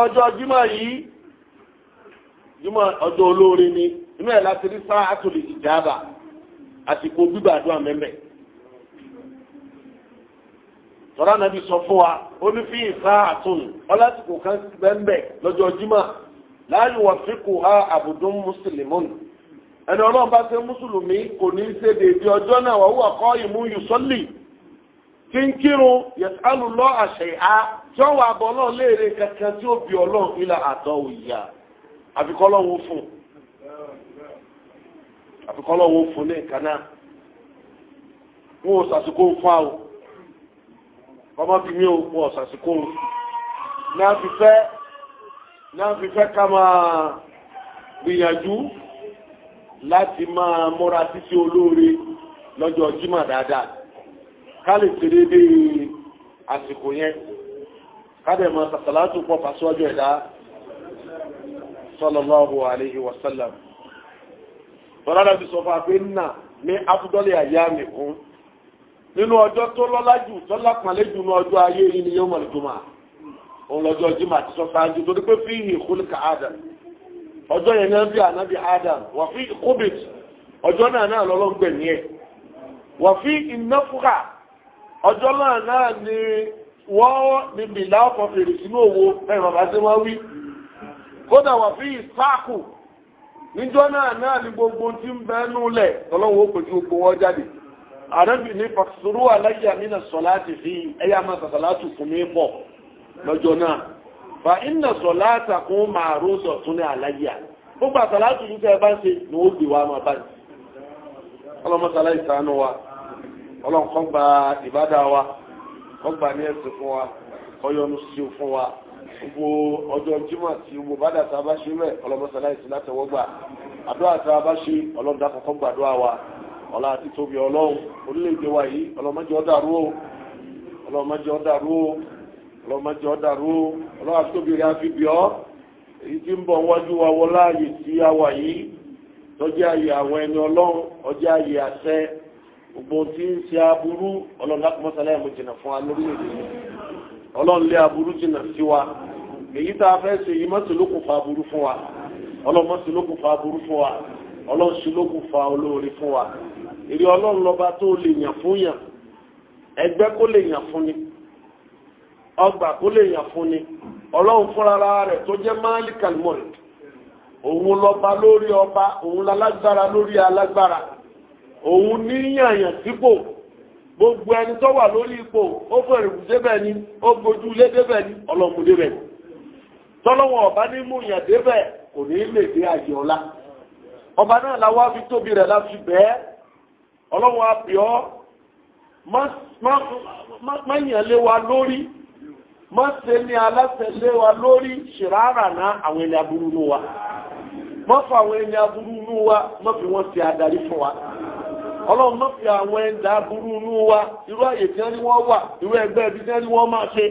S1: ọjọ́ jímọ̀ yìí jímọ̀ ọjọ́ olóore ni inú ẹ̀ láti rí sáà àtòlè tọ́lá nàbí sọ fún wa ó ní fi ìfá àtún ọlásìkò kan bẹ́ẹ̀ lọ́jọ́ jima láàyè wà fíkù ha àbùdún mùsùlùmí ẹni ọlọ́run bá ṣe mùsùlùmí kò ní í ṣe dèbí ọjọ́ náà wà wúwà kọ́ ìmú yùsọ́lì tí ń kírun yẹ̀sálù àṣẹ ìhá tí wọ́n wà bọ̀ ọlọ́run léèrè kankan tí ó bí ọlọ́run ilà fún fún ní ìkànnà wọn ò ọmọ bí mi ò mú ọ̀sàsìkò náà fi fẹ́ náà fi fẹ́ ká máa gbìyànjú láti máa múra títí olóore lọ́jọ́ jímà dáadáa ká lè ṣe déédéé àsìkò yẹn ká dẹ̀ máa sàṣàlátù pọ̀ pàṣíwájú ẹ̀dá sallallahu alayhi wa sallam tọ́lá náà fi sọ fún apẹ́ nà ní afúdọ́lẹ̀ àyà mi kún nínú ọjọ́ tó lọ́lá jù tó lápàlẹ́ jù ní ọjọ́ ayé yìí ni òun lọ́jọ́ pé Adam ọjọ́ yẹn náà bí Adam wà fi qubit ọjọ́ náà náà lọ́lọ́gbẹ̀ ní ẹ̀ wà fi innafukha ọjọ́ náà náà ni wọ́n ní bìlá ọkọ̀ fèrè sínú òwò ẹ̀rọ bàbá tí wọ́n wí kódà wà fi ìsáàkù gbogbo ń àrẹ́bì ní fàṣírú aláyà nínà sọ̀láti fi ẹyà máa sàṣàlátù fún mi pọ̀ lọ́jọ́ náà fa iná sọ̀láta kún máa rọ́sọ̀ tún ní aláyà gbogbo àṣàlátù yìí tẹ́ bá ń ṣe ní ó gbé wa máa báyìí ọlọ́mọsàlá ìsànú wa ọlọ́nkọ́ gba ìbádá wa kọ́ gba ní ẹ̀sìn fún wa kọ́yọ́nù sí fún wa gbogbo ọjọ́ jímọ̀ tí gbogbo bádà tá a bá ṣe mẹ́ ọlọ́mọsàlá ìsìn látẹ̀wọ́gbà àdúrà tá a bá ṣe ọlọ́dà kọ́kọ́ gbàdúrà wa ọlá àti tóbi ọlọ́run orílẹ̀-èdè wa yìí ọlọ́mọdé ọ̀dàrú o ọlọ́mọdé ọ̀dàrú o ọlọ́mọdé ọ̀dàrú o ọlọ́run àti tóbi rẹ̀ á fi bì ọ́ èyí tí ń bọ̀ wájú wa wọ láàyè tí a wà yìí tọ́jú àyè àwọn ẹni ọlọ́run ọjọ́ àyè àṣẹ gbogbo tí ń ṣe aburú ọlọ́run lápọ̀mọ́sálẹ̀ wa lórílẹ̀-èdè fa aburú fa wa ọlọ́run ṣùlókùn fa olóore fún wa èrè ọlọ́run lọ́ba tó lè yàn fún yàn ẹgbẹ́ kó lè yàn fún ni ọgbà kó lè yàn fún ni ọlọ́run fúnra rẹ̀ tó jẹ́ máàlì kalmọ́rì òun lọ́ba lórí ọba òun lálágbára lórí alágbára òun níyànyàn sípò gbogbo ẹni tó wà lórí ipò ó fẹ̀rẹ̀ kù débẹ̀ ni ó gbójú lé débẹ̀ ni ọlọ́run débẹ̀ tọ́lọ́wọ́n ọ̀bá ní mú yàn débẹ̀ kò ní lè dé àjẹ́ ọlá ọba náà la wá fi tóbi rẹ̀ la fi bẹ́ẹ̀ ọlọ́run àbíọ́ má yàn lé wa lórí má ṣe ní aláṣẹ lé wa lórí ṣìràrà náà àwọn ẹni aburú nù wa má fa àwọn ẹni aburú nù wa má fi wọ́n ṣe adarí fún wa ọlọ́run má fi àwọn ẹni aburú nù wa irú àyè tí wọ́n ní wọ́n wà irú ẹgbẹ́ ibi tí wọ́n máa ṣe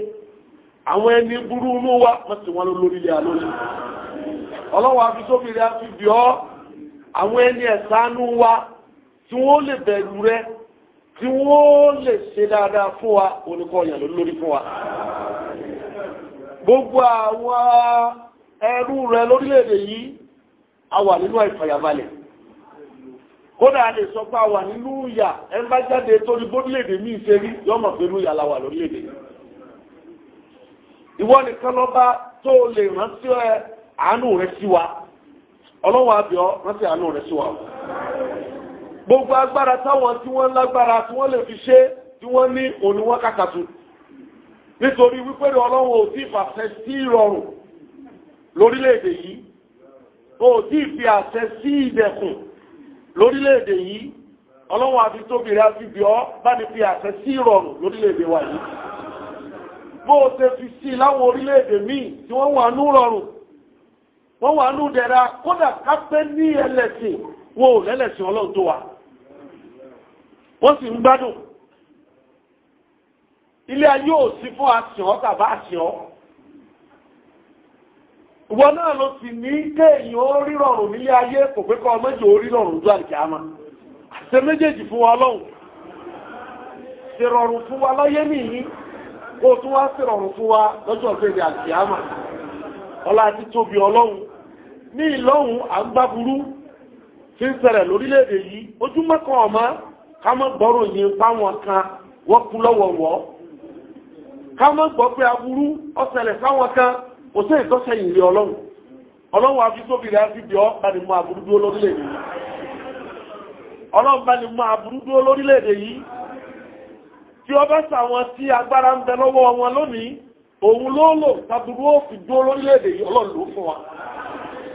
S1: àwọn ẹni burú nù wa má ṣe wọ́n lórí ilé alórí ọlọ́run àfi sófin àfi bíọ́ àwọn ẹni ẹ̀sánú wa tí wọ́n lè bẹ̀rù rẹ tí wọ́n lè ṣe dáadáa fún wa oníkọ̀ọ̀yàn lórí fún wa gbogbo àwọn ẹrú rẹ lórílẹ̀-èdè yìí a wà nínú ìfàyàbalẹ̀ kódà lè sọ pé a wà nínú ìyà ẹn bá jáde torí bórílẹ̀-èdè la wà lórílẹ̀-èdè ìwọ nìkan tó ọlọ́wọ́ àbíọ́ rántí àánú rẹ̀ sí wa gbogbo agbára táwọn tí wọ́n lágbára tí wọ́n lè fi ṣe tí wọ́n ní òní wọ́n kàkàtù nítorí wípé ọlọ́wọ́ ò tí fàṣẹ sí ìrọ̀rùn lórílẹ̀-èdè yìí ò tí fi àṣẹ sí ìdẹ̀kùn lórílẹ̀-èdè yìí ọlọ́wọ́ àti tóbi rẹ̀ àti bíọ́ bá ní fi àṣẹ sí ìrọ̀rùn lórílẹ̀-èdè wa yìí bó o ṣe fi sí láwọn orílẹ̀-èdè míì tí wọ́n wà ní rọ̀rùn wọ́n wà ní ìdẹ̀ra kódà kápẹ́ ní ẹlẹ́sìn wọn ò lẹ́lẹ́sìn ọlọ́run tó wà wọ́n sì ń gbádùn ilé ayé ò sí fún àṣìọ́ tàbá àṣìọ́ ìwọ náà ló ti ní kéèyàn ó rírọ̀rùn nílé ayé kò pé kọ́ méjì ó tó àjẹ́ àmà ní ìlọ́hun àgbàburú tí ń ṣẹlẹ̀ lórílẹ̀-èdè yìí ojúmọ́ kan ọ̀mọ́ ká mọ́ gbọ́rò yìí páwọn kan wọ́n kú lọ́wọ́wọ́ ká mọ́ gbọ́ pé aburú ó ṣẹlẹ̀ sáwọn kan kò sí ìtọ́sẹ̀ ìrìn ọlọ́run ọlọ́run àfi tóbi rẹ̀ àti bí ọ́ bá ní mú aburú dúró lórílẹ̀-èdè yìí ọlọ́run bá ní mú aburú dúró lórílẹ̀-èdè yìí tí ọ bá sàwọn tí agbára ń bẹ lọ́wọ́ wọn lónìí òun ló tàbí ó fi dúró lórílẹ̀-èdè yìí ọlọ́run ló fún wa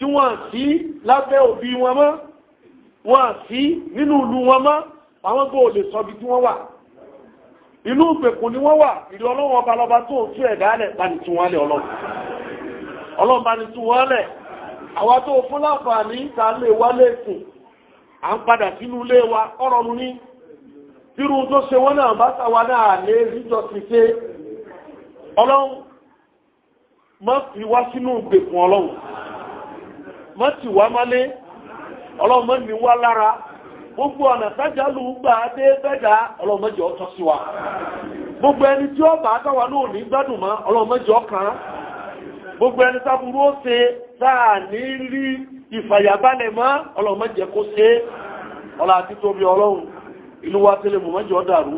S1: tí wọ́n sí lábẹ́ òbí wọn mọ́ wọ́n sí nínú ìlú wọn mọ́ àwọn gbọ́ olè sọbi tí wọ́n wà inú ìgbèkùn ni wọ́n wà ìlú ọlọ́run ọba lọba tó tú ẹ̀dá alẹ̀ bá ní tí wọ́n lẹ̀ ọlọ́run ọlọ́run bá ní tí wọ́n lẹ̀ àwa tó fún láǹfààní ta lè wá lẹ́sìn à ń padà sínú ilé wa ọ̀rọ̀run ní tírú tó ṣe wọ́n náà bá sáwa náà lè ríjọ sí ṣe fi wá sínú ìgbèkùn ọlọ́run má tì wá mọ́lé ọlọ́mọ wá lára gbogbo ọ̀nà sájálù gbà dé bẹ́dà ọlọ́mọjọ́ tọ́ sí wa gbogbo ẹni tí ó bá tọ́wà náà ní gbádùn mọ́ ọlọ́mọjọ́ kan gbogbo ẹni sáburú ó ṣe táà ní rí ìfàyàbálẹ̀ mọ́ ọlọ́mọjẹ́ kó ṣe ọlá àti tóbi ọlọ́run wa tẹ́lẹ̀ mọ́jọ́ dàrú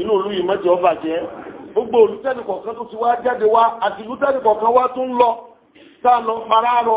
S1: inú olú yìí mọ́jọ́ bàjẹ́ gbogbo olùtẹ́nìkọ̀ọ̀kan tó ti wá jáde wá àti olùtẹ́nìkọ̀ọ̀kan wá tó ń lọ sáà lọ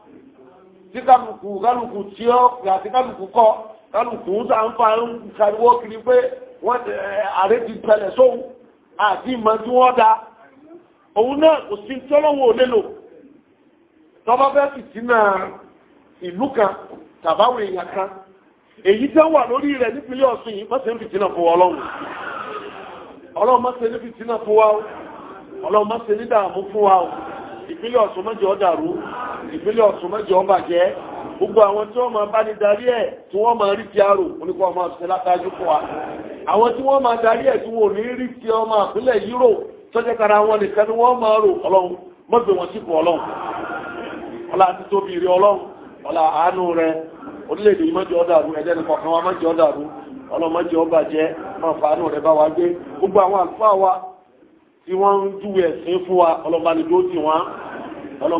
S1: tí kálukú kálukú tí ó àti kálukú kọ́ kálukú ń sàǹfà ń kariwo kiri pé wọ́n ààrẹ ti tẹ̀lẹ̀ sóhun àti ìmọ̀ tí wọ́n da òun náà kò sí tọ́lọ́wọ́ òde lò tọ́ba fẹ́ fìtínà ìlú kan tàbáwọn èèyàn kan èyí tẹ́ wà lórí rẹ̀ nípínlẹ̀ ọ̀sùn yìí mọ́sẹ̀ ń fìtínà fún ọlọ́run ọlọ́run mọ́sẹ̀ ní fìtínà fún wa ọlọ́run mọ́sẹ̀ ní dààmú fún wa ọlọ́run ìpínlẹ̀ Ọ̀ṣun má jẹ́ ìpínlẹ̀ Ọ̀ṣun má jẹ́ ó gbogbo àwọn tí wọ́n máa bá ní darí ẹ̀ tí wọ́n máa rí ti àrò oníkọ́ ọmọ àṣẹ látàájú fún wa àwọn tí wọ́n máa darí ẹ̀ tí wọ́n ní rí ti ọmọ àpínlẹ̀ yúrò tọ́jẹ́ kára wọn nìkan ni wọ́n máa rò ọlọ́run mọ́gbẹ̀ wọn sípò ọlọ́run ọlá àti tóbi rí ọlọ́run ọlá àánú rẹ orílẹ̀-èdè yìí ọ̀dàrú ẹ̀dẹ́ nìkan kan wa mọ́jọ́ ọ̀dàrú ọlọ́mọ́jọ́ ọbàjẹ́ máa fa àánú rẹ bá wa gbé gbogbo àwọn àlùfáà wa tí wọ́n ń júwe ẹ̀sìn fún wa ọlọ́ba ni tó ti wọ́n.